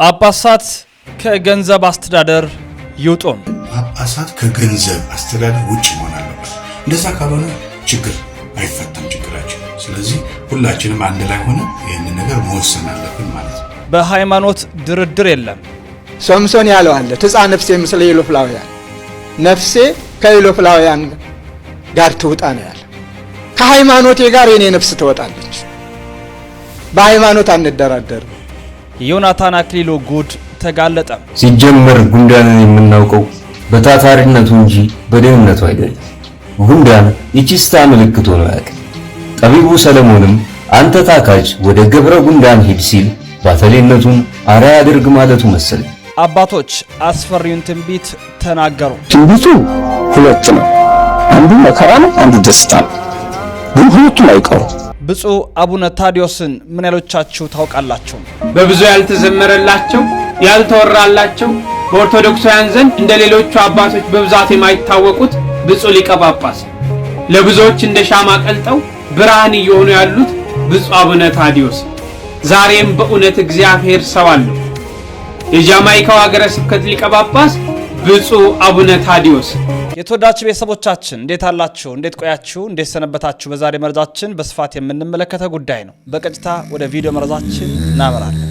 ጳጳሳት ከገንዘብ አስተዳደር ይውጡን። ጳጳሳት ከገንዘብ አስተዳደር ውጭ መሆን አለበት። እንደዛ ካልሆነ ችግር አይፈታም ችግራችን። ስለዚህ ሁላችንም አንድ ላይ ሆነ ይህን ነገር መወሰን አለብን ማለት ነው። በሃይማኖት ድርድር የለም። ሶምሶን ያለዋለ ትፃ ነፍሴ ምስለ ኢሎፍላውያን ነፍሴ ከኢሎፍላውያን ጋር ትውጣ ነው ያለ። ከሃይማኖቴ ጋር የኔ ነፍስ ትወጣለች። በሃይማኖት አንደራደርም። የዮናታን አክሊሉ ጉድ ተጋለጠ። ሲጀመር ጉንዳንን የምናውቀው በታታሪነቱ እንጂ በደህንነቱ አይደለም። ጉንዳን የቺስታ ምልክት ሆኖ ያውቃል። ጠቢቡ ሰለሞንም አንተ ታካች ወደ ገብረ ጉንዳን ሂድ ሲል ባተሌነቱን አርአያ ያድርግ ማለቱ መሰለ። አባቶች አስፈሪውን ትንቢት ተናገሩ። ትንቢቱ ሁለት ነው። አንዱ መከራ ነው፣ አንዱ ደስታ ነው። ግን ሁለቱም አይቀሩ ብፁዕ አቡነ ታዲዮስን ምን ያሎቻችሁ ታውቃላችሁ? በብዙ ያልተዘመረላቸው ያልተወራላቸው በኦርቶዶክሳውያን ዘንድ እንደ ሌሎቹ አባቶች በብዛት የማይታወቁት ብፁዕ ሊቀ ጳጳስ ለብዙዎች እንደ ሻማ ቀልጠው ብርሃን እየሆኑ ያሉት ብፁዕ አቡነ ታዲዮስ ዛሬም በእውነት እግዚአብሔር ሰው አለው። የጃማይካው ሀገረ ስብከት ሊቀ ጳጳስ ብፁዕ አቡነ ታዲዮስ የተወዳችሁ ቤተሰቦቻችን እንዴት አላችሁ? እንዴት ቆያችሁ? እንዴት ሰነበታችሁ? በዛሬ መረጃችን በስፋት የምንመለከተው ጉዳይ ነው። በቀጥታ ወደ ቪዲዮ መረጃችን እናመራለን።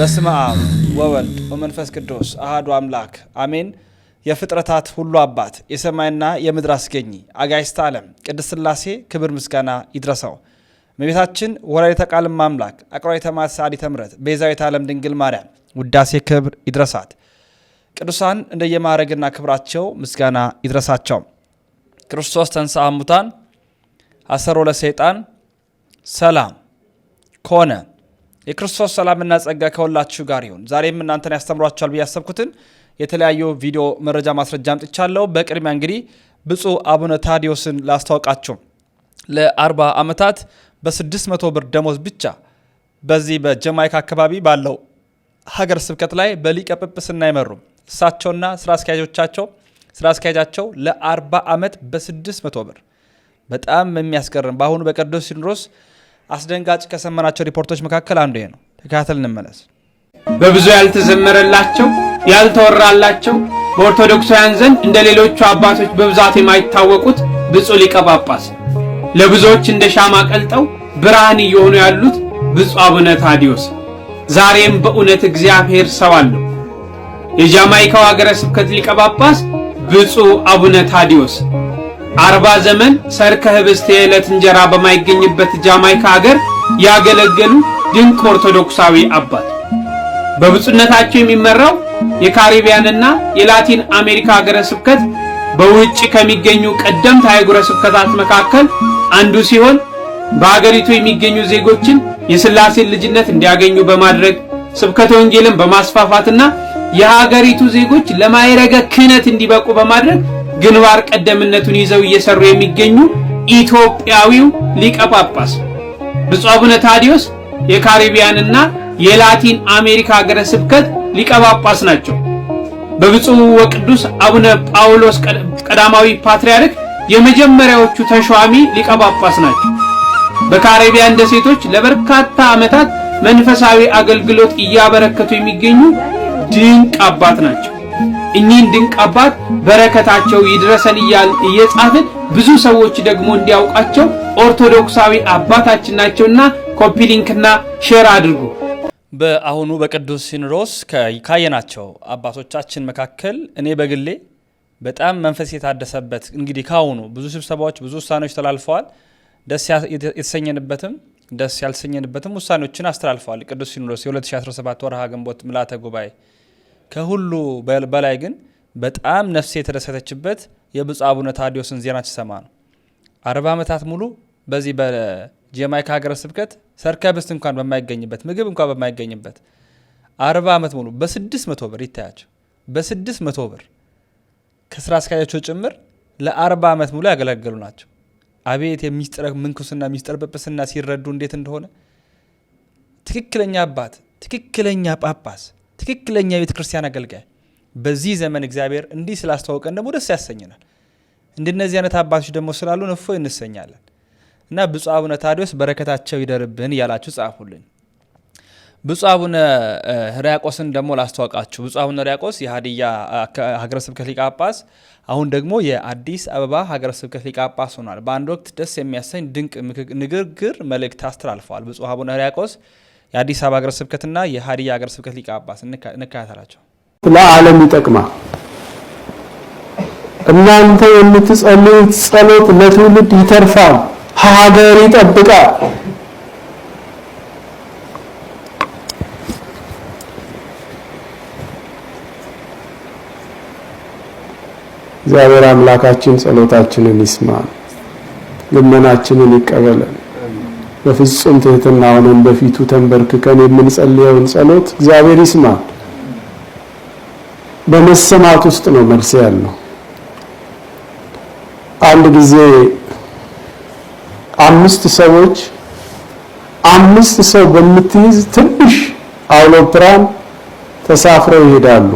በስመ አብ ወወልድ ወመንፈስ ቅዱስ አህዱ አምላክ አሜን። የፍጥረታት ሁሉ አባት የሰማይና የምድር አስገኚ አጋይስት ዓለም ቅድስት ሥላሴ ክብር ምስጋና ይድረሰው። እመቤታችን ወላዲተ ቃልም አምላክ አቅራዊ ተማት ሰዓሊተ ምሕረት ቤዛዊተ ዓለም ድንግል ማርያም ውዳሴ ክብር ይድረሳት። ቅዱሳን እንደየማዕረግና ክብራቸው ምስጋና ይድረሳቸው። ክርስቶስ ተንሥአ እሙታን አሰሮ ለሰይጣን ሰላም ከሆነ የክርስቶስ ሰላምና ጸጋ ከሁላችሁ ጋር ይሁን። ዛሬም እናንተን ያስተምሯችኋል ብዬ ያሰብኩትን የተለያዩ ቪዲዮ መረጃ ማስረጃ አምጥቻለሁ። በቅድሚያ እንግዲህ ብፁዕ አቡነ ታዲዮስን ላስታወቃችሁ ለ40 ዓመታት በ600 ብር ደሞዝ ብቻ በዚህ በጀማይካ አካባቢ ባለው ሀገር ስብከት ላይ በሊቀ ጵጵስና አይመሩም። እሳቸውና ስራ አስኪያጆቻቸው ስራ አስኪያጃቸው ለ40 ዓመት በ600 ብር በጣም የሚያስገርም በአሁኑ በቅዱስ ሲኖዶስ አስደንጋጭ ከሰመናቸው ሪፖርቶች መካከል አንዱ ነው። ተከታተል እንመለስ። በብዙ ያልተዘመረላቸው ያልተወራላቸው በኦርቶዶክሳውያን ዘንድ እንደ ሌሎቹ አባቶች በብዛት የማይታወቁት ብፁዕ ሊቀ ጳጳስ ለብዙዎች እንደ ሻማ ቀልጠው ብርሃን እየሆኑ ያሉት ብፁዕ አቡነ ታዲዮስ ዛሬም በእውነት እግዚአብሔር ሰው አለው። የጃማይካው ሀገረ ስብከት ሊቀ ጳጳስ ብፁዕ አቡነ ታዲዮስ አርባ ዘመን ሰርከ ኅብስት የዕለት እንጀራ በማይገኝበት ጃማይካ ሀገር ያገለገሉ ድንቅ ኦርቶዶክሳዊ አባት በብፁዕነታቸው የሚመራው የካሪቢያንና የላቲን አሜሪካ ሀገረ ስብከት በውጭ ከሚገኙ ቀደምት አህጉረ ስብከታት መካከል አንዱ ሲሆን በአገሪቱ የሚገኙ ዜጎችን የሥላሴን ልጅነት እንዲያገኙ በማድረግ ስብከተ ወንጌልን በማስፋፋትና የሀገሪቱ ዜጎች ለማይረገ ክህነት እንዲበቁ በማድረግ ግንባር ቀደምነቱን ይዘው እየሰሩ የሚገኙ ኢትዮጵያዊው ሊቀ ጳጳስ ብፁዕ አቡነ ታዲዮስ የካሪቢያንና የላቲን አሜሪካ ሀገረ ስብከት ሊቀ ጳጳስ ናቸው። በብፁዕ ወቅዱስ አቡነ ጳውሎስ ቀዳማዊ ፓትርያርክ የመጀመሪያዎቹ ተሿሚ ሊቀ ጳጳስ ናቸው። በካሪቢያን ደሴቶች ለበርካታ ዓመታት መንፈሳዊ አገልግሎት እያበረከቱ የሚገኙ ድንቅ አባት ናቸው። እኚህን ድንቅ አባት በረከታቸው ይድረሰን እያል እየጻፍን ብዙ ሰዎች ደግሞ እንዲያውቃቸው ኦርቶዶክሳዊ አባታችን ናቸውና ኮፒ ሊንክና ሼር አድርጉ። በአሁኑ በቅዱስ ሲኖዶስ ካየናቸው አባቶቻችን መካከል እኔ በግሌ በጣም መንፈስ የታደሰበት እንግዲህ ካሁኑ ብዙ ስብሰባዎች፣ ብዙ ውሳኔዎች ተላልፈዋል። ደስ የተሰኘንበትም ደስ ያልሰኘንበትም ውሳኔዎችን አስተላልፈዋል። ቅዱስ ሲኖዶስ የ2017 ወርሃ ግንቦት ምልዓተ ጉባኤ ከሁሉ በላይ ግን በጣም ነፍሴ የተደሰተችበት የብፁዕ አቡነ ታዲዮስን ዜና ሲሰማ ነው። አርባ ዓመታት ሙሉ በዚህ በጀማይካ ሀገረ ስብከት ሰርከብስት እንኳን በማይገኝበት ምግብ እንኳን በማይገኝበት አርባ ዓመት ሙሉ በስድስት መቶ ብር ይታያቸው በስድስት መቶ ብር ከስራ አስኪያጆቹ ጭምር ለአርባ ዓመት ሙሉ ያገለገሉ ናቸው። አቤት የሚስጥረ ምንኩስና ሚስጥረ ጵጵስና ሲረዱ እንዴት እንደሆነ ትክክለኛ አባት፣ ትክክለኛ ጳጳስ፣ ትክክለኛ የቤተ ክርስቲያን አገልጋይ በዚህ ዘመን እግዚአብሔር እንዲህ ስላስተዋወቀን ደግሞ ደስ ያሰኝናል። እንደነዚህ አይነት አባቶች ደግሞ ስላሉን እፎ እንሰኛለን እና ብፁዕ አቡነ ታዲዎስ በረከታቸው ይደርብን እያላችሁ ጻፉልኝ። ብፁዕ አቡነ ሕርያቆስን ደግሞ ላስተዋውቃችሁ። ብፁዕ አቡነ ሕርያቆስ የሀዲያ ሀገረ ስብከት ሊቀ ጳጳስ፣ አሁን ደግሞ የአዲስ አበባ ሀገረ ስብከት ሊቀ ጳጳስ ሆኗል። በአንድ ወቅት ደስ የሚያሰኝ ድንቅ ንግግር መልእክት አስተላልፈዋል። ብፁዕ አቡነ ሕርያቆስ የአዲስ አበባ ሀገረ ስብከትና የሀዲያ ሀገረ ስብከት ሊቀ ጳጳስ እንካያታላቸው። ለዓለም ይጠቅማል። እናንተ የምትጸልዩት ጸሎት ለትውልድ ይተርፋል፣ ሀገር ይጠብቃል እግዚአብሔር አምላካችን ጸሎታችንን ይስማ፣ ልመናችንን ይቀበለን። በፍጹም ትህትና ሆነን በፊቱ ተንበርክከን የምንጸልየውን ጸሎት እግዚአብሔር ይስማ። በመሰማት ውስጥ ነው መልስ ያለው። አንድ ጊዜ አምስት ሰዎች አምስት ሰው በምትይዝ ትንሽ አውሎፕራን ተሳፍረው ይሄዳሉ።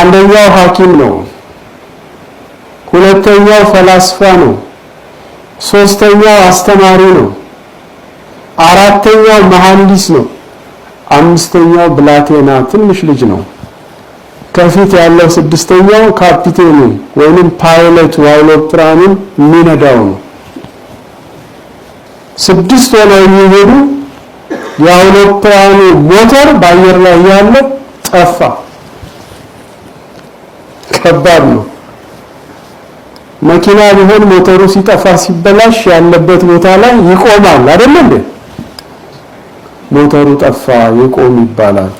አንደኛው ሐኪም ነው። ሁለተኛው ፈላስፋ ነው። ሶስተኛው አስተማሪ ነው። አራተኛው መሐንዲስ ነው። አምስተኛው ብላቴና ትንሽ ልጅ ነው። ከፊት ያለው ስድስተኛው ካፒቴኑ ወይንም ፓይለቱ አውሮፕላኑን የሚነዳው ነው። ስድስት ሆነው የሚሄዱ የአውሮፕላኑ ሞተር በአየር ላይ ያለ ጠፋ። ከባድ ነው። መኪና ቢሆን ሞተሩ ሲጠፋ ሲበላሽ ያለበት ቦታ ላይ ይቆማል አይደል እንዴ? ሞተሩ ጠፋ ይቆም ይባላል።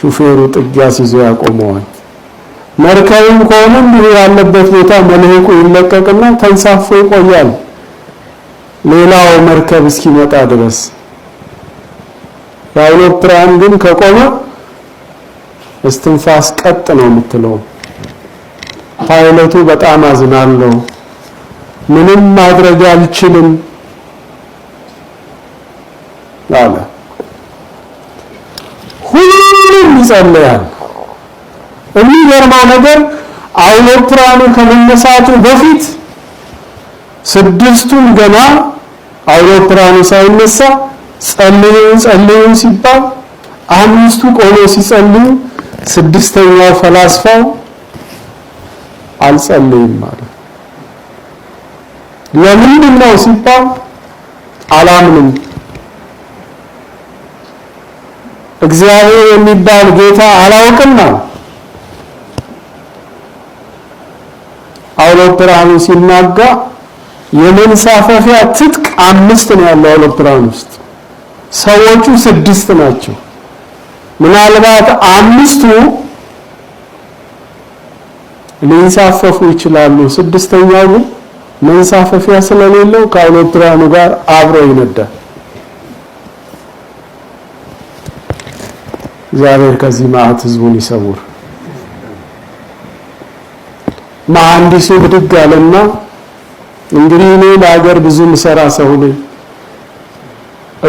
ሹፌሩ ጥጊያ ሲዞ ያቆመዋል። መርከብም ከሆነ እንዲሁ ያለበት ቦታ መልህቁ ይለቀቅና ተንሳፎ ይቆያል ሌላው መርከብ እስኪመጣ ድረስ። የአውሮፕላን ግን ከቆመ እስትንፋስ ቀጥ ነው የምትለው። ፓይለቱ በጣም አዝናለሁ፣ ምንም ማድረግ አልችልም አለ። ሁሉም ይጸለያል። የሚገርማ ነገር አውሮፕላኑ ከመነሳቱ በፊት ስድስቱን ገና አውሮፕላኑ ሳይነሳ ጸልዩ ጸልዩ ሲባል አምስቱ ቆሞ ሲጸልዩ ስድስተኛው ፈላስፋው አልጸልይም አለ። ለምንድን ነው ሲባል አላምንም እግዚአብሔር የሚባል ጌታ አላውቅም አለ። አውሮፕላኑ ሲናጋ የመንሳፈፊያ ትጥቅ አምስት ነው ያለው አውሮፕላን ውስጥ ሰዎቹ ስድስት ናቸው። ምናልባት አምስቱ ሊንሳፈፉ ይችላሉ። ስድስተኛው ግን መንሳፈፊያ ስለሌለው ከአውሮፕላኑ ጋር አብሮ ይነዳል። እግዚአብሔር ከዚህ መዓት ህዝቡን ይሰውር። መሐንዲሱ ብድግ አለና እንግዲህ እኔ ለሀገር ብዙ ምሰራ ሰው ነኝ፣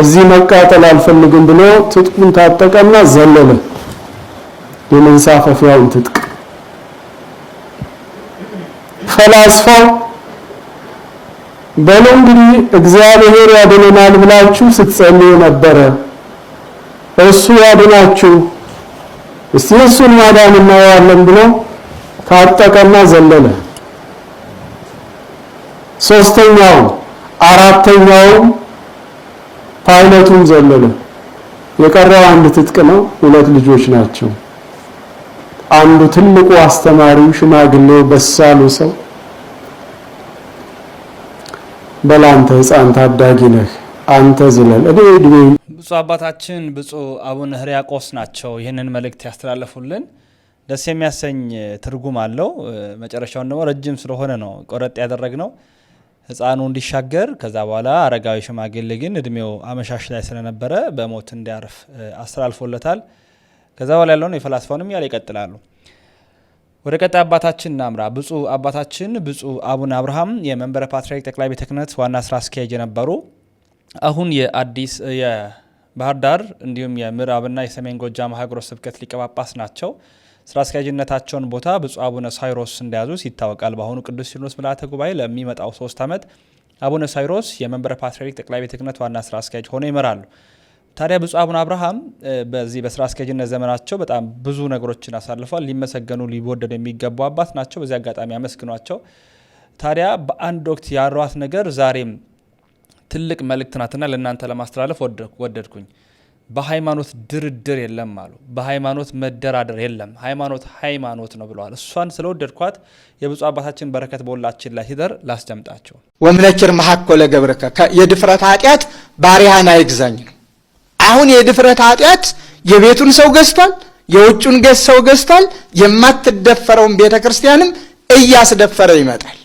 እዚህ መቃጠል አልፈልግም ብሎ ትጥቁን ታጠቀና ዘለለ የመንሳፈፊያውን ትጥቅ ፈላስፋው በሉ እንግዲህ እግዚአብሔር ያድነናል ብላችሁ ስትጸልዩ ነበረ። እሱ ያድናችሁ፣ እስቲ እሱን ማዳን እናየዋለን ብሎ ታጠቀና ዘለለ። ሶስተኛውም አራተኛውም ፓይለቱም ዘለለ። የቀረው አንድ ትጥቅ ነው። ሁለት ልጆች ናቸው። አንዱ ትልቁ አስተማሪው ሽማግሌው በሳሉ ሰው በላንተ ህፃን ታዳጊ ነህ አንተ ዝለል እኔ እድሜ ብፁዕ አባታችን ብፁዕ አቡነ ህርያቆስ ናቸው ይህንን መልእክት ያስተላለፉልን። ደስ የሚያሰኝ ትርጉም አለው። መጨረሻውን ደግሞ ረጅም ስለሆነ ነው ቆረጥ ያደረግ ነው ህፃኑ እንዲሻገር ከዛ በኋላ አረጋዊ ሽማግሌ ግን እድሜው አመሻሽ ላይ ስለነበረ በሞት እንዲያርፍ አስተላልፎለታል። ከዛ በኋላ ያለውን የፈላስፋውንም ያለ ይቀጥላሉ። ወደ ቀጣይ አባታችን እናምራ። ብፁዕ አባታችን ብፁዕ አቡነ አብርሃም የመንበረ ፓትርያርክ ጠቅላይ ቤተ ክህነት ዋና ስራ አስኪያጅ የነበሩ አሁን የአዲስ የባህር ዳር እንዲሁም የምዕራብና የሰሜን ጎጃም ሀገረ ስብከት ሊቀ ጳጳስ ናቸው። ስራ አስኪያጅነታቸውን ቦታ ብፁዕ አቡነ ሳይሮስ እንደያዙ ይታወቃል። በአሁኑ ቅዱስ ሲኖዶስ ምልዓተ ጉባኤ ለሚመጣው ሶስት ዓመት አቡነ ሳይሮስ የመንበረ ፓትርያርክ ጠቅላይ ቤተ ክህነት ዋና ስራ አስኪያጅ ሆነው ይመራሉ። ታዲያ ብፁዕ አቡነ አብርሃም በዚህ በስራ አስኪያጅነት ዘመናቸው በጣም ብዙ ነገሮችን አሳልፏል። ሊመሰገኑ ሊወደዱ የሚገቡ አባት ናቸው። በዚህ አጋጣሚ ያመስግኗቸው። ታዲያ በአንድ ወቅት ያሯት ነገር ዛሬም ትልቅ መልእክት ናትና ለእናንተ ለማስተላለፍ ወደድኩኝ። በሃይማኖት ድርድር የለም አሉ። በሃይማኖት መደራደር የለም። ሃይማኖት ሃይማኖት ነው ብለዋል። እሷን ስለወደድኳት የብፁዕ አባታችን በረከት በሁላችን ላይ ሲደር ላስደምጣቸው። ወምነችር መሐኮለ ገብርከ የድፍረት ኃጢአት ባሪያህን አይግዛኝ ነው አሁን የድፍረት ኃጢአት የቤቱን ሰው ገዝቷል፣ የውጩን ሰው ገዝቷል። የማትደፈረውን ቤተ ክርስቲያንም እያስደፈረ ይመጣል።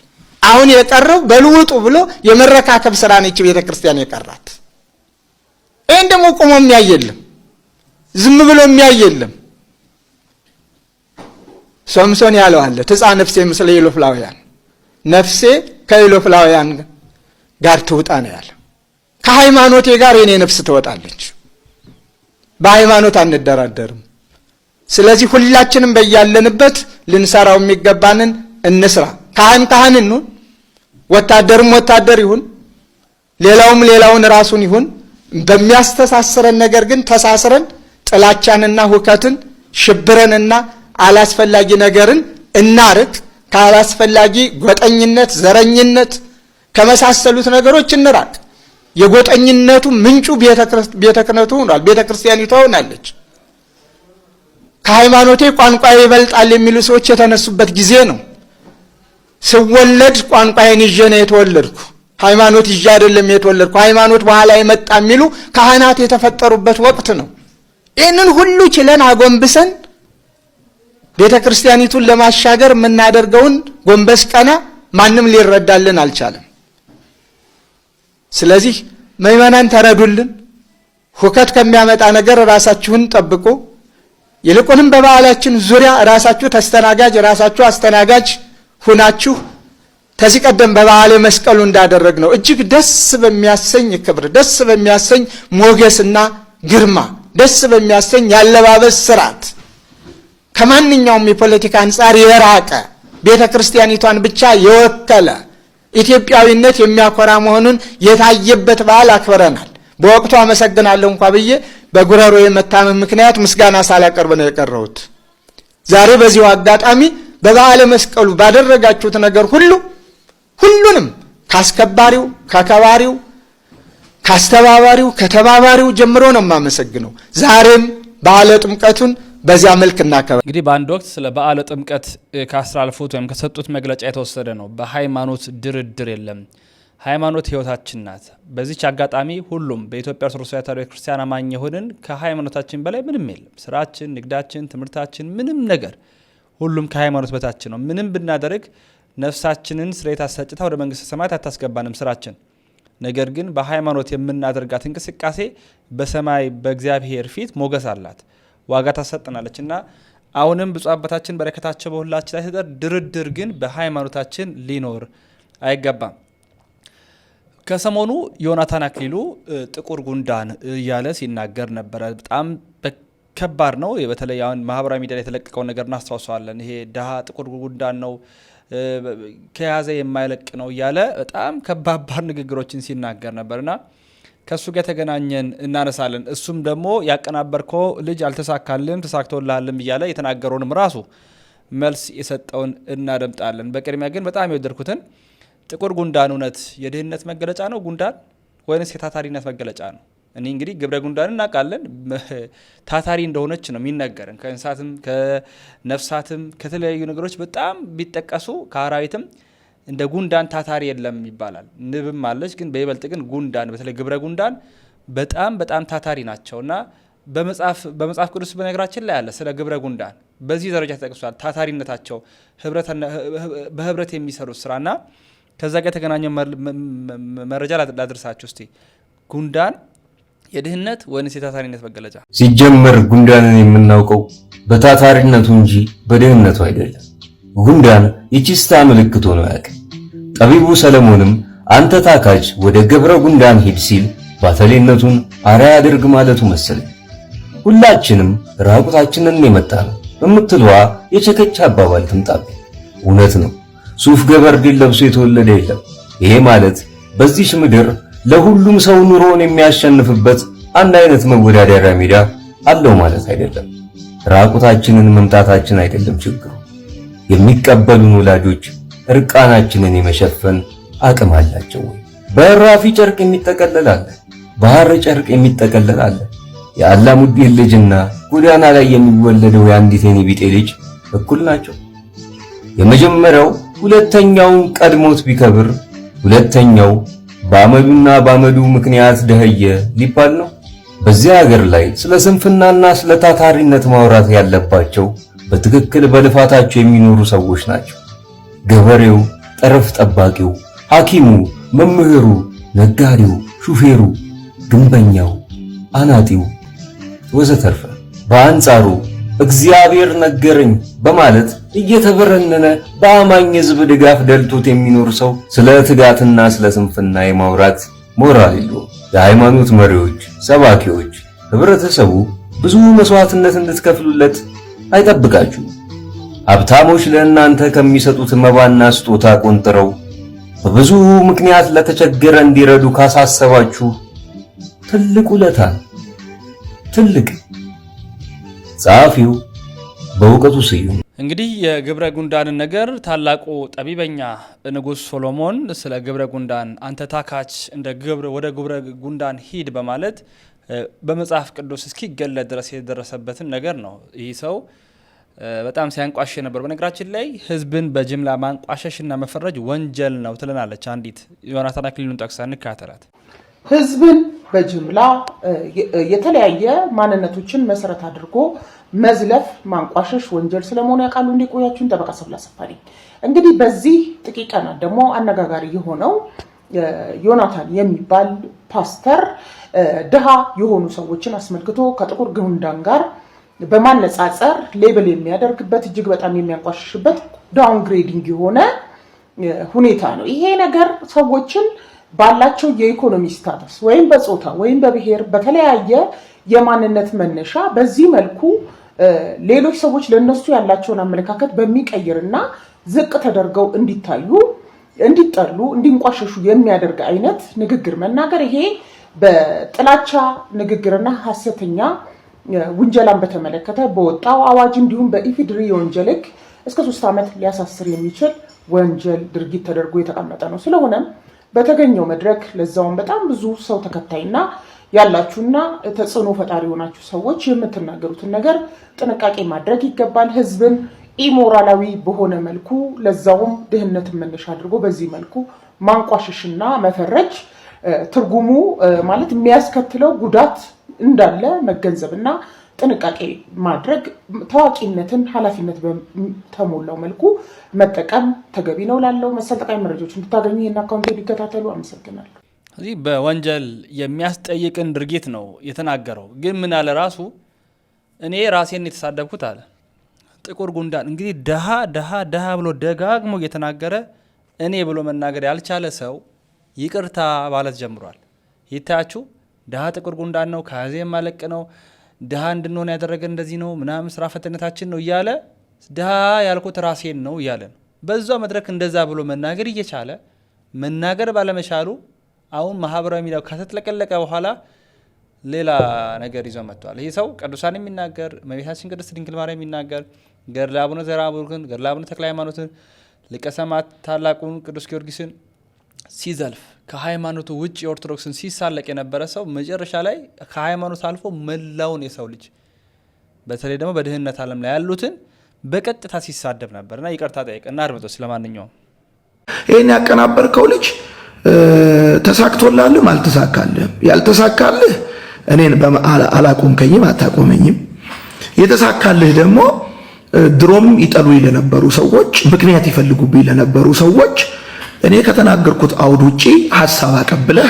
አሁን የቀረው በልውጡ ብሎ የመረካከብ ስራ ነች ቤተ ክርስቲያን የቀራት። ይህን ደግሞ ቆሞ የሚያየለም ዝም ብሎ የሚያየለም ሶምሶን ያለዋለ ትፃ ነፍሴ ምስለ ኢሎፍላውያን ነፍሴ ከኢሎፍላውያን ጋር ትውጣ ነው ያለ። ከሃይማኖቴ ጋር የኔ ነፍስ ትወጣለች። በሃይማኖት አንደራደርም። ስለዚህ ሁላችንም በያለንበት ልንሰራው የሚገባንን እንስራ። ካህን ካህን እንሁን፣ ወታደርም ወታደር ይሁን፣ ሌላውም ሌላውን ራሱን ይሁን። በሚያስተሳስረን ነገር ግን ተሳስረን ጥላቻንና ሁከትን ሽብረንና አላስፈላጊ ነገርን እናርቅ። ከአላስፈላጊ ጎጠኝነት፣ ዘረኝነት ከመሳሰሉት ነገሮች እንራቅ። የጎጠኝነቱ ምንጩ ቤተ ክህነቱ ሆኗል። ቤተ ክርስቲያኒቷ ሆናለች። ከሃይማኖቴ ቋንቋ ይበልጣል የሚሉ ሰዎች የተነሱበት ጊዜ ነው። ስወለድ ቋንቋዬን ይዤ ነው የተወለድኩ፣ ሃይማኖት ይዤ አይደለም የተወለድኩ፣ ሃይማኖት በኋላ የመጣ የሚሉ ካህናት የተፈጠሩበት ወቅት ነው። ይህንን ሁሉ ችለን አጎንብሰን ቤተ ክርስቲያኒቱን ለማሻገር የምናደርገውን ጎንበስ ቀና ማንም ሊረዳልን አልቻለም። ስለዚህ መይመናን ተረዱልን። ሁከት ከሚያመጣ ነገር ራሳችሁን ጠብቁ። ይልቁንም በበዓላችን ዙሪያ ራሳችሁ ተስተናጋጅ ራሳችሁ አስተናጋጅ ሁናችሁ ከዚህ ቀደም በበዓለ መስቀሉ እንዳደረግ ነው እጅግ ደስ በሚያሰኝ ክብር፣ ደስ በሚያሰኝ ሞገስና ግርማ፣ ደስ በሚያሰኝ ያለባበስ ስርዓት ከማንኛውም የፖለቲካ አንጻር የራቀ ቤተ ክርስቲያኒቷን ብቻ የወከለ ኢትዮጵያዊነት የሚያኮራ መሆኑን የታየበት በዓል አክብረናል። በወቅቱ አመሰግናለሁ እንኳ ብዬ በጉረሮ የመታመም ምክንያት ምስጋና ሳላቀርብ ነው የቀረሁት። ዛሬ በዚሁ አጋጣሚ በበዓለ መስቀሉ ባደረጋችሁት ነገር ሁሉ ሁሉንም ካስከባሪው፣ ከከባሪው፣ ካስተባባሪው፣ ከተባባሪው ጀምሮ ነው የማመሰግነው። ዛሬም በዓለ ጥምቀቱን በዚያ መልክ እናከብራለን። እንግዲህ በአንድ ወቅት ስለ በዓለ ጥምቀት ካስተላልፉት ወይም ከሰጡት መግለጫ የተወሰደ ነው። በሃይማኖት ድርድር የለም፣ ሃይማኖት ህይወታችን ናት። በዚች አጋጣሚ ሁሉም በኢትዮጵያ ኦርቶዶክስ ተዋሕዶ ቤተክርስቲያን አማኝ የሆንን ከሃይማኖታችን በላይ ምንም የለም። ስራችን፣ ንግዳችን፣ ትምህርታችን፣ ምንም ነገር ሁሉም ከሃይማኖት በታችን ነው። ምንም ብናደርግ ነፍሳችንን ስርየት አሰጭታ ወደ መንግስተ ሰማያት አታስገባንም ስራችን። ነገር ግን በሃይማኖት የምናደርጋት እንቅስቃሴ በሰማይ በእግዚአብሔር ፊት ሞገስ አላት። ዋጋ ታሰጥናለች እና አሁንም ብፁዕ አባታችን በረከታቸው በሁላችን ላይ ሲጠር ድርድር ግን በሃይማኖታችን ሊኖር አይገባም። ከሰሞኑ ዮናታን አክሊሉ ጥቁር ጉንዳን እያለ ሲናገር ነበረ። በጣም ከባድ ነው። በተለይ አሁን ማህበራዊ ሚዲያ ላይ የተለቀቀውን ነገር እናስታውሰዋለን። ይሄ ድሃ ጥቁር ጉንዳን ነው ከያዘ የማይለቅ ነው እያለ በጣም ከባባር ንግግሮችን ሲናገር ነበርና ከእሱ ጋር የተገናኘን እናነሳለን። እሱም ደግሞ ያቀናበርከው ልጅ አልተሳካልም ተሳክቶልሃልም እያለ የተናገረውንም ራሱ መልስ የሰጠውን እናደምጣለን። በቅድሚያ ግን በጣም የወደድኩትን ጥቁር ጉንዳን እውነት የድህነት መገለጫ ነው ጉንዳን ወይንስ የታታሪነት መገለጫ ነው? እኔ እንግዲህ ግብረ ጉንዳን እናውቃለን። ታታሪ እንደሆነች ነው የሚነገርን። ከእንስሳትም ከነፍሳትም ከተለያዩ ነገሮች በጣም ቢጠቀሱ ከአራዊትም እንደ ጉንዳን ታታሪ የለም ይባላል። ንብም አለች፣ ግን በይበልጥ ግን ጉንዳን በተለይ ግብረ ጉንዳን በጣም በጣም ታታሪ ናቸው እና በመጽሐፍ ቅዱስ በነገራችን ላይ አለ ስለ ግብረ ጉንዳን በዚህ ደረጃ ተጠቅሷል። ታታሪነታቸው በህብረት የሚሰሩት ስራና ከዛ ጋር የተገናኘ መረጃ ላድርሳችሁ እስቲ። ጉንዳን የድህነት ወይንስ የታታሪነት መገለጫ? ሲጀመር ጉንዳንን የምናውቀው በታታሪነቱ እንጂ በድህነቱ አይደለም። ጉንዳን የቺስታ ምልክት ሆኖ ያውቅ። ጠቢቡ ሰለሞንም አንተ ታካች ወደ ገብረ ጉንዳን ሂድ ሲል ባተሌነቱን አርአያ ያድርግ ማለቱ መሰለኝ። ሁላችንም ራቁታችንን የመጣ ነው በምትለዋ የቸከች አባባል ተምጣብ እውነት ነው፣ ሱፍ ገበርድን ለብሶ የተወለደ የለም። ይሄ ማለት በዚች ምድር ለሁሉም ሰው ኑሮውን የሚያሸንፍበት አንድ አይነት መወዳደሪያ ሜዳ አለው ማለት አይደለም። ራቁታችንን መምጣታችን አይደለም ችግሩ የሚቀበሉን ወላጆች እርቃናችንን የመሸፈን አቅም አላቸው ወይ? በራፊ ጨርቅ የሚጠቀለል አለ፣ በሐር ጨርቅ የሚጠቀለል አለ። የአላሙዲን ልጅና ጎዳና ላይ የሚወለደው የአንዲት የኔ ቢጤ ልጅ እኩል ናቸው። የመጀመሪያው ሁለተኛውን ቀድሞት ቢከብር ሁለተኛው በአመሉና በአመሉ ምክንያት ደህየ ሊባል ነው። በዚያ ሀገር ላይ ስለ ስንፍናና ስለ ታታሪነት ማውራት ያለባቸው በትክክል በልፋታቸው የሚኖሩ ሰዎች ናቸው። ገበሬው፣ ጠረፍ ጠባቂው፣ ሐኪሙ፣ መምህሩ፣ ነጋዴው፣ ሹፌሩ፣ ግንበኛው፣ አናጢው ወዘተርፈ። በአንጻሩ እግዚአብሔር ነገረኝ በማለት እየተበረነነ በአማኝ ሕዝብ ድጋፍ ደልቶት የሚኖር ሰው ስለ ትጋትና ስለ ስንፍና የማውራት ሞራል የለውም። የሃይማኖት መሪዎች፣ ሰባኪዎች ህብረተሰቡ ብዙ መስዋዕትነት እንድትከፍሉለት አይጠብቃችሁ። ሀብታሞች ለእናንተ ከሚሰጡት መባና ስጦታ ቆንጥረው በብዙ ምክንያት ለተቸገረ እንዲረዱ ካሳሰባችሁ ትልቅ ውለታ ትልቅ። ጸሐፊው በእውቀቱ ስዩም። እንግዲህ የግብረ ጉንዳንን ነገር ታላቁ ጠቢበኛ ንጉሥ ሶሎሞን ስለ ግብረ ጉንዳን አንተ ታካች እንደ ግብር ወደ ግብረ ጉንዳን ሂድ በማለት በመጽሐፍ ቅዱስ እስኪገለጥ ድረስ የደረሰበትን ነገር ነው ይህ ሰው በጣም ሲያንቋሽ ነበር። በነገራችን ላይ ህዝብን በጅምላ ማንቋሸሽና መፈረጅ ወንጀል ነው ትለናለች አንዲት ዮናታን አክሊሉን ጠቅሳ እንካተላት። ህዝብን በጅምላ የተለያየ ማንነቶችን መሰረት አድርጎ መዝለፍ፣ ማንቋሸሽ ወንጀል ስለመሆኑ ያውቃሉ። እንዲቆያችሁን ጠበቃ ሰብለ አሰፋሪ። እንግዲህ በዚህ ጥቂት ቀናት ደግሞ አነጋጋሪ የሆነው ዮናታን የሚባል ፓስተር ድሃ የሆኑ ሰዎችን አስመልክቶ ከጥቁር ግንዳን ጋር በማነጻጸር ሌብል የሚያደርግበት እጅግ በጣም የሚያንቋሽሽበት ዳውንግሬዲንግ የሆነ ሁኔታ ነው። ይሄ ነገር ሰዎችን ባላቸው የኢኮኖሚ ስታተስ ወይም በጾታ ወይም በብሔር በተለያየ የማንነት መነሻ በዚህ መልኩ ሌሎች ሰዎች ለእነሱ ያላቸውን አመለካከት በሚቀይርና ዝቅ ተደርገው እንዲታዩ፣ እንዲጠሉ፣ እንዲንቋሸሹ የሚያደርግ አይነት ንግግር መናገር ይሄ በጥላቻ ንግግርና ሀሰተኛ ውንጀላን በተመለከተ በወጣው አዋጅ እንዲሁም በኢፌዴሪ የወንጀል እስከ ሶስት ዓመት ሊያሳስር የሚችል ወንጀል ድርጊት ተደርጎ የተቀመጠ ነው። ስለሆነም በተገኘው መድረክ ለዛውም በጣም ብዙ ሰው ተከታይና ያላችሁና ተጽዕኖ ፈጣሪ የሆናችሁ ሰዎች የምትናገሩትን ነገር ጥንቃቄ ማድረግ ይገባል። ህዝብን ኢሞራላዊ በሆነ መልኩ ለዛውም ድህነትን መነሻ አድርጎ በዚህ መልኩ ማንቋሸሽና መፈረጅ ትርጉሙ ማለት የሚያስከትለው ጉዳት እንዳለ እና ጥንቃቄ ማድረግ ታዋቂነትን ኃላፊነት በተሞላው መልኩ መጠቀም ተገቢ ነው። ላለው መሰል ጠቃሚ መረጃዎች እንድታገኙ ይህን አካውንት ሊከታተሉ አመሰግናለሁ። እዚህ በወንጀል የሚያስጠይቅን ድርጊት ነው የተናገረው። ግን ምን አለ ራሱ እኔ ራሴን የተሳደብኩት አለ ጥቁር ጉንዳን። እንግዲህ ደሃ ደሃ ደሃ ብሎ ደጋግሞ እየተናገረ እኔ ብሎ መናገር ያልቻለ ሰው ይቅርታ ማለት ጀምሯል። ይታያችሁ ድሀ ጥቁር ጉንዳን ነው፣ ከያዜ የማለቅ ነው፣ ድሃ እንድንሆን ያደረገ እንደዚህ ነው ምናምን ስራ ፈትነታችን ነው እያለ ድሃ ያልኩት ራሴን ነው እያለ ነው። በዛ መድረክ እንደዛ ብሎ መናገር እየቻለ መናገር ባለመቻሉ አሁን ማህበራዊ ሚዲያው ከተጥለቀለቀ በኋላ ሌላ ነገር ይዞ መጥቷል። ይህ ሰው ቅዱሳን የሚናገር እመቤታችን ቅድስት ድንግል ማርያም የሚናገር ገድለ አቡነ ዘርአብሩክን ገድለ አቡነ ተክለ ሃይማኖትን ሊቀ ታላቁን ቅዱስ ጊዮርጊስን ሲዘልፍ ከሃይማኖቱ ውጭ የኦርቶዶክስን ሲሳለቅ የነበረ ሰው መጨረሻ ላይ ከሃይማኖት አልፎ መላውን የሰው ልጅ በተለይ ደግሞ በድህነት ዓለም ላይ ያሉትን በቀጥታ ሲሳደብ ነበር እና ይቅርታ ጠየቀ እና አድምጦ ስለማንኛውም ይህን ያቀናበርከው ልጅ ተሳክቶላልም አልተሳካልህም። ያልተሳካልህ እኔን አላቆምከኝም፣ አታቆመኝም። የተሳካልህ ደግሞ ድሮም ይጠሉ ለነበሩ ሰዎች ምክንያት ይፈልጉብኝ ለነበሩ ሰዎች እኔ ከተናገርኩት አውድ ውጪ ሀሳብ አቀብለህ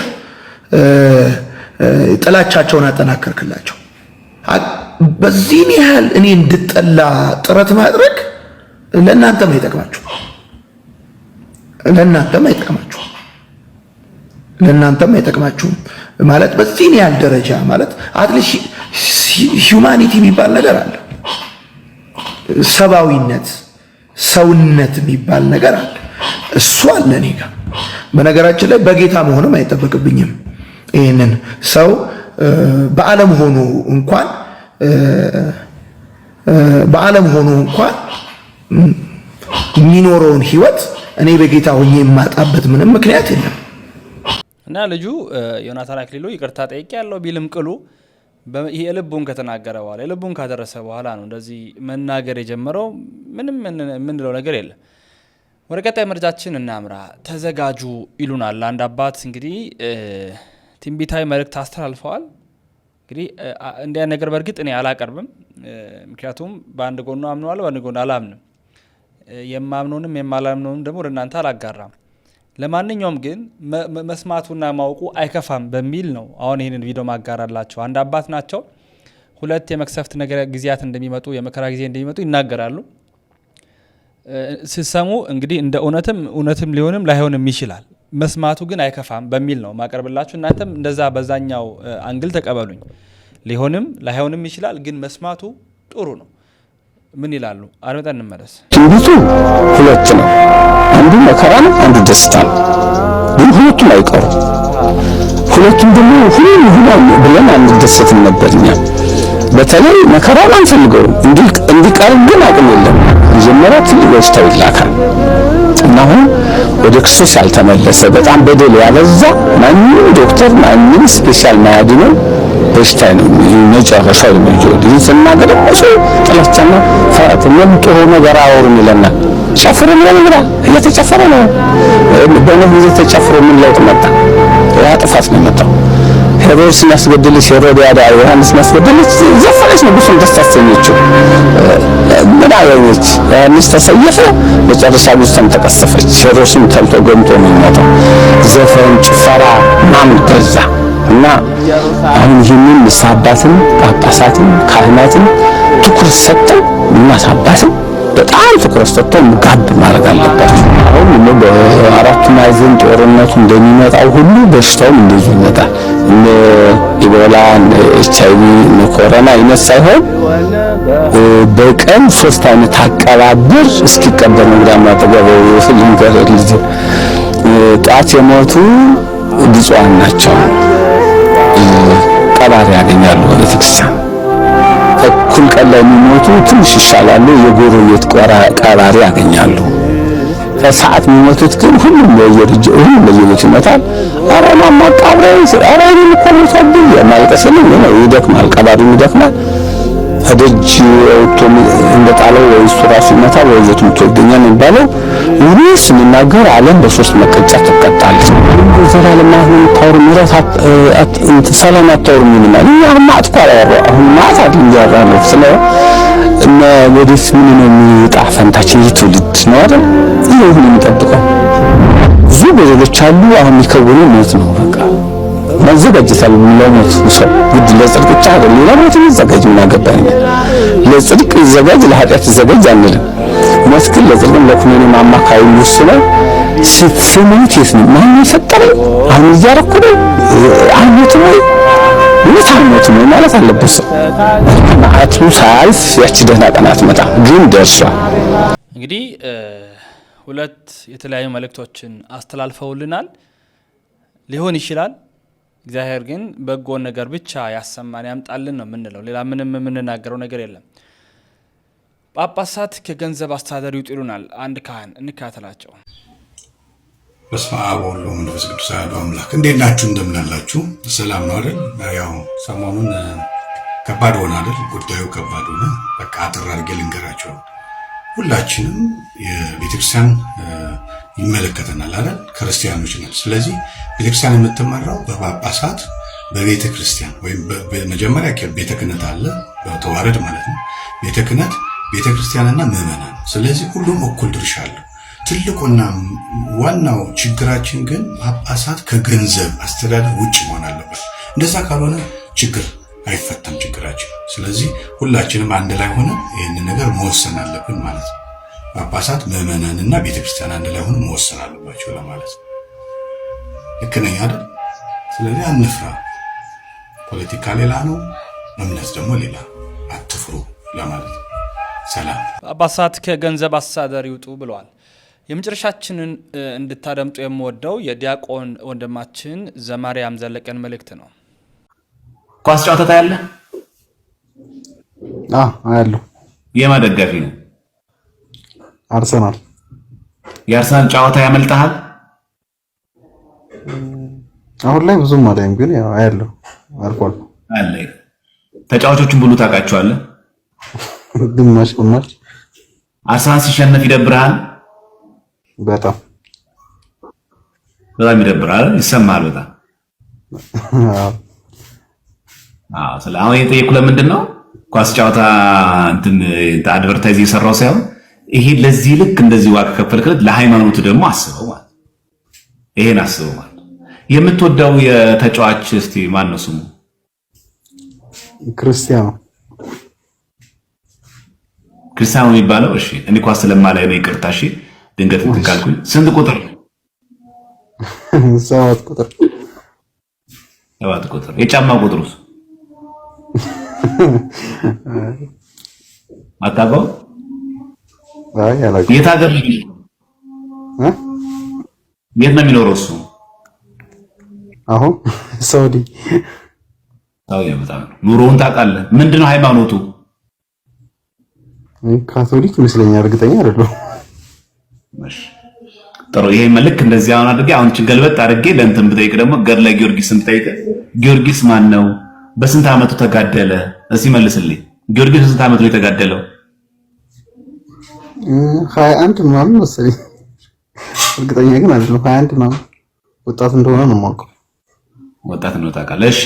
ጥላቻቸውን አጠናከርክላቸው። በዚህን ያህል እኔ እንድጠላ ጥረት ማድረግ ለእናንተም አይጠቅማችሁ፣ ለእናንተም አይጠቅማችሁ፣ ለእናንተም አይጠቅማችሁም። ማለት በዚህን ያህል ደረጃ ማለት አትሊስት ሂውማኒቲ የሚባል ነገር አለ። ሰብአዊነት፣ ሰውነት የሚባል ነገር አለ። እሱ አለ እኔ ጋር። በነገራችን ላይ በጌታ መሆንም አይጠበቅብኝም። ይህንን ሰው በዓለም ሆኖ እንኳን በዓለም ሆኖ እንኳን የሚኖረውን ህይወት እኔ በጌታ ሆኜ የማጣበት ምንም ምክንያት የለም። እና ልጁ ዮናታን አክሊሉ ይቅርታ ጠይቄ ያለው ቢልም ቅሉ የልቡን ከተናገረ በኋላ የልቡን ካደረሰ በኋላ ነው እንደዚህ መናገር የጀመረው። ምንም የምንለው ነገር የለም። ወደ ቀጣይ መረጃችን እናምራ። ተዘጋጁ ይሉናል አንድ አባት እንግዲህ ትንቢታዊ መልእክት አስተላልፈዋል። እንግዲህ እንዲያ ነገር በእርግጥ እኔ አላቀርብም፣ ምክንያቱም በአንድ ጎኑ አምነዋለሁ፣ በአንድ ጎኑ አላምንም። የማምነውንም የማላምነውንም ደግሞ ወደ እናንተ አላጋራም። ለማንኛውም ግን መስማቱና ማወቁ አይከፋም በሚል ነው አሁን ይህንን ቪዲዮ ማጋራላቸው። አንድ አባት ናቸው። ሁለት የመክሰፍት ነገር ጊዜያት እንደሚመጡ የመከራ ጊዜ እንደሚመጡ ይናገራሉ። ሲሰሙ እንግዲህ እንደ እውነትም እውነትም ሊሆንም ላይሆንም ይችላል። መስማቱ ግን አይከፋም በሚል ነው ማቀርብላችሁ። እናንተም እንደዛ በዛኛው አንግል ተቀበሉኝ። ሊሆንም ላይሆንም ይችላል፣ ግን መስማቱ ጥሩ ነው። ምን ይላሉ? አድምጠን እንመለስ። ትንቢቱ ሁለት ነው። አንዱ መከራ ነው፣ አንዱ ደስታ ነው። ግን ሁለቱም አይቀሩ። ሁለቱም ደግሞ ሁሉም ሁሉም ብለን አንደሰትም ነበር እኛ። በተለይ መከራን አንፈልገውም፣ እንዲቀርብ ግን አቅም የለም መጀመሪያ ትልቅ በሽታ ይላካል እና አሁን ወደ ክርስቶስ ያልተመለሰ በጣም በደል ያበዛ ማንም ዶክተር ማንም ስፔሻል ማያድ ነው በሽታ ነው መጨረሻው የሚሆን ይህ ስናገር እሱ ጥላቻና ፍርሃት ጥሩ ነገር አወሩን ይለና ጨፍር ምን ይላል እየተጨፈረ ነው በነዚህ ተጨፍሮ ምን ለውጥ መጣ ያ ጥፋት ነው የመጣው ከሮድስ ሲያስገድልሽ የሮድያዳ ዮሐንስ እናስገድልሽ ዘፈነች ንጉሡን ደስ አሰኘችው። ምን አገኘች? ዮሐንስ ተሰየፈ። መጨረሻ ሚስቱም ተቀሰፈች። ሄሮድስም ተልቶ ገምቶ ነው የሚመጣው። ዘፈን፣ ጭፈራ ምናምን በዛ እና አሁን ይህንን ንስሐ አባትን ጳጳሳትን ካህናትን ትኩረት ሰጠን እናት አባትን በጣም ትኩረት ሰጥተን ጋብ ማድረግ አለባቸው። አሁን እ በአራት ማዕዘን ጦርነቱ እንደሚመጣው ሁሉ በሽታውም እንደዚህ ይመጣል። እነ ኢቦላ፣ እነ ኤች አይ ቪ፣ እነ ኮሮና ይነት ሳይሆን በቀን ሶስት አይነት አቀባብር እስኪቀበር ነው። እንግዲህ ማጠገብ ወስል ይንገረል ልጅ ጣት የሞቱ ብፁዓን ናቸው። ቀባሪ ያገኛሉ ቤተክርስቲያን ተኩል ቀን ላይ የሚሞቱ ትንሽ ይሻላሉ፣ የጎረቤት ቀባሪ ያገኛሉ። ከሰዓት የሚሞቱት ግን ሁሉም ለየልጅ ሁሉም ለየልጅ ይመታል። አረ ማማ ቀብሬ አረ ይልቆ ነው ታዲያ ነው ይደክማል፣ ቀባሪም ይደክማል። ከደጅ ወጥቶ እንደጣለው ወይ እሱ ራሱ ይመታ ወይ ዘት መቶ ይገኛል የሚባለው ይህ ስንናገር ዓለም በሶስት መቀጫ ትቀጣለች። ዘላለም አሁን ታውር ምረት እንት ሰላም አታውር ምን ማለት ይሄ አሁን ማጥቆ አላወራ አሁን ማጣት ነው ስለ እነ ወዴት ምን ነው የሚጣ ፈንታችን ትውልድ ነው አይደል? ይሄ ሁሉ የሚጠብቀው ብዙ ገደሎች አሉ አሁን የሚከውኑ ማለት ነው በቃ ያዘጋጅታል ለሞት ሰው ግድ ለጽድቅ ብቻ አይደለም። ለሞት ይዘጋጅ ምን አገባኝ? ለጽድቅ ይዘጋጅ ለኃጢአት ይዘጋጅ አንልም። ሞት ግን ለጽድቅም ለኩነኔም አማካይ ውስጥ ነው። ስትሞት የት ነው ማን የፈጠረኝ? አሁን እያደረኩ ነው። አልሞትም ወይ እውነት አልሞትም ወይ ማለት አለበት ሰው። መዓቱ ሳያልፍ ያቺ ደህና ቀን መጣ ግን ደርሷል። እንግዲህ ሁለት የተለያዩ መልእክቶችን አስተላልፈውልናል ሊሆን ይችላል እግዚአብሔር ግን በጎን ነገር ብቻ ያሰማን ያምጣልን ነው የምንለው። ሌላ ምንም የምንናገረው ነገር የለም። ጳጳሳት ከገንዘብ አስተዳደር ይውጥሉናል አንድ ካህን፣ እንካተላቸው። በስመ አብ ወወልድ ወመንፈስ ቅዱስ አሐዱ አምላክ። እንዴት ናችሁ? እንደምን አላችሁ? ሰላም ነው አይደል? ያው ሰሞኑን ከባድ ሆነ አይደል? ጉዳዩ ከባድ ሆነ። በቃ አጥር አድርጌ ልንገራቸው። ሁላችንም የቤተክርስቲያን ይመለከተናል አይደል? ክርስቲያኖች ነን። ስለዚህ ቤተክርስቲያን የምትመራው በጳጳሳት በቤተ ክርስቲያን ወይም በመጀመሪያ ቤተ ክህነት አለ፣ በተዋረድ ማለት ነው። ቤተ ክህነት፣ ቤተ ክርስቲያንና ምዕመናን። ስለዚህ ሁሉም እኩል ድርሻ አለው። ትልቁና ዋናው ችግራችን ግን ጳጳሳት ከገንዘብ አስተዳደር ውጭ መሆን አለበት። እንደዛ ካልሆነ ችግር አይፈታም ችግራችን። ስለዚህ ሁላችንም አንድ ላይ ሆነ ይህንን ነገር መወሰን አለብን ማለት ነው። ጳጳሳት፣ ምዕመናንና ቤተክርስቲያን አንድ ላይ ሆኖ መወሰን አለባቸው ለማለት ነው። ልክ ነኝ አይደል? ስለዚህ አንፍራ። ፖለቲካ ሌላ ነው፣ እምነት ደግሞ ሌላ። አትፍሩ ለማለት ነው። ሰላም። ጳጳሳት ከገንዘብ አስተዳደር ይውጡ ብለዋል። የመጨረሻችንን እንድታደምጡ የምወደው የዲያቆን ወንድማችን ዘማርያም ዘለቀን መልእክት ነው። ኳስ ጨዋታ ታያለህ? አያለሁ። የማን ደጋፊ ነው? አርሰናል የአርሰናል ጨዋታ ያመልጠሃል። አሁን ላይ ብዙም አላይም፣ ግን ያው አያለሁ አልፎ አልፎ አለ። ተጫዋቾቹን ብሉ ታውቃቸዋለህ? ግማሽ ግማሽ። አርሰናል ሲሸነፍ ይደብርሃል? በጣም በጣም ይደብራል። ይሰማል በጣም አዎ። ስለ አሁን የጠየኩህ ለምንድን ነው ኳስ ጨዋታ እንትን አድቨርታይዝ እየሰራው ሳይሆን ይሄ ለዚህ ልክ እንደዚህ ዋጋ ከፈልክለት ለሃይማኖት ደግሞ አስበው ማለት ይሄን አስበው ማለት የምትወዳው የተጫዋች እስቲ ማን ነው ስሙ? ክርስቲያኖ ክርስቲያኖ የሚባለው እሺ፣ እኔ ኳስ ስለማላይ ነው ይቅርታ። እሺ፣ ድንገት ትካልኩኝ። ስንት ቁጥር ሰባት ቁጥር ሰባት ቁጥር። የጫማ ቁጥሩስ አታውቀውም? የት ሀገር የት ነው የሚኖረው እሱ? አሁን ሳውዲ። በጣም ኑሮውን ታውቃለህ። ምንድን ሃይማኖቱ? ካቶሊክ ይመስለኛል፣ እርግጠኛ አይደለሁም። ጥሩ ይሄ መልክ እንደዚህ አሁን አድርጌ አሁን ገልበጥ አድርጌ ለእንትን ብጠይቅ ደግሞ ገድለ ጊዮርጊስን ብጠይቅ ጊዮርጊስ ማን ነው? በስንት ዓመቱ ተጋደለ? እስኪ መልስልኝ። ጊዮርጊስ በስንት ዓመቱ ነው የተጋደለው? ሀያ አንድ ምናምን መሰለኝ፣ እርግጠኛ ግን አይደለም። ሀያ አንድ ምናምን ወጣት እንደሆነ ነው የማውቀው። ወጣት ነው ታውቃለህ። እሺ፣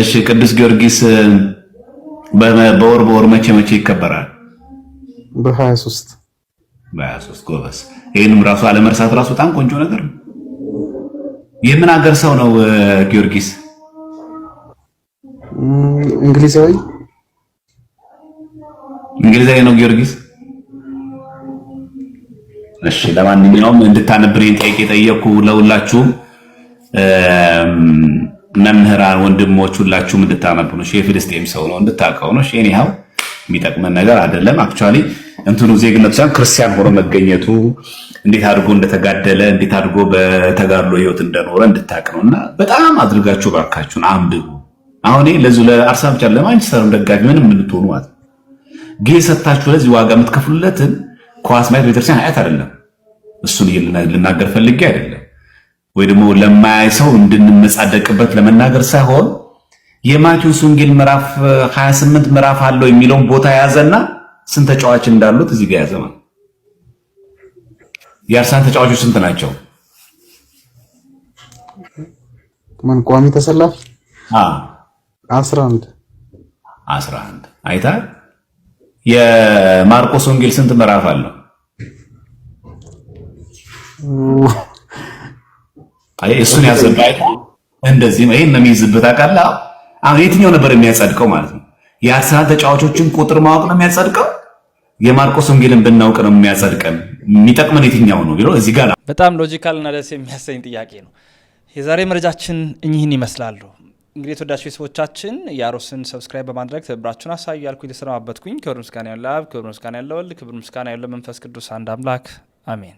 እሺ። ቅዱስ ጊዮርጊስ በወር በወር መቼ መቼ ይከበራል? በሀያ ሶስት በሀያ ሶስት ጎበስ። ይህንም ራሱ አለመርሳት ራሱ በጣም ቆንጆ ነገር ነው። የምን ሀገር ሰው ነው ጊዮርጊስ? እንግሊዛዊ እንግሊዛዊ ነው ጊዮርጊስ እሺ ለማንኛውም እንድታነብረኝ ጠይቄ የጠየቅኩ ለሁላችሁም መምህራን ወንድሞች ሁላችሁም እንድታነቡ ነው። የፊልስጤም ሰው ነው እንድታውቀው ነው። ኒሃው የሚጠቅመን ነገር አይደለም። አክቹዋሊ እንትኑ ዜግነቱ ሳይሆን ክርስቲያን ሆኖ መገኘቱ እንዴት አድርጎ እንደተጋደለ እንዴት አድርጎ በተጋድሎ ህይወት እንደኖረ እንድታቅ ነው። እና በጣም አድርጋችሁ ባካችሁን አንብቡ። አሁን ለዚ ለአርሳ ብቻ ለማንቸስተርም ደጋፊ ምንም የምንትሆኑ ማለት ግን የሰታችሁ ለዚህ ዋጋ የምትከፍሉለትን ኳስ ማየት ቤተክርስቲያን ሀያት አይደለም። እሱን ልናገር ፈልጌ አይደለም፣ ወይ ደግሞ ለማያይ ሰው እንድንመጻደቅበት ለመናገር ሳይሆን የማቴዎስ ወንጌል ምዕራፍ 28 ምዕራፍ አለው የሚለውን ቦታ የያዘና ስንት ተጫዋች እንዳሉት እዚህ ጋር ያዘማ የአርሰናል ተጫዋቾች ስንት ናቸው? ማን ቋሚ ተሰላፊ? አዎ 11 11 አይታ የማርቆስ ወንጌል ስንት ምዕራፍ አለው? አይ እሱን ያዘባይ እንደዚህ ነው። ይሄን የሚይዝበት አቃላ አሁን የትኛው ነበር የሚያጸድቀው ማለት ነው? የአርሰናል ተጫዋቾችን ቁጥር ማወቅ ነው የሚያጸድቀው? የማርቆስ ወንጌልን ብናውቅ ነው የሚያጸድቀን? የሚጠቅመን የትኛው ነው ቢለው እዚህ ጋር በጣም ሎጂካል እና ደስ የሚያሰኝ ጥያቄ ነው። የዛሬ መረጃችን እኚህን ይመስላሉ። እንግዲህ የተወዳጅ ቤተሰቦቻችን የአሮስን ሰብስክራይብ በማድረግ ትብብራችሁን አሳዩ ያልኩ የተሰናበትኩኝ። ክብር ምስጋና ያለ አብ፣ ክብር ምስጋና ያለ ወልድ፣ ክብር ምስጋና ያለው መንፈስ ቅዱስ አንድ አምላክ አሜን።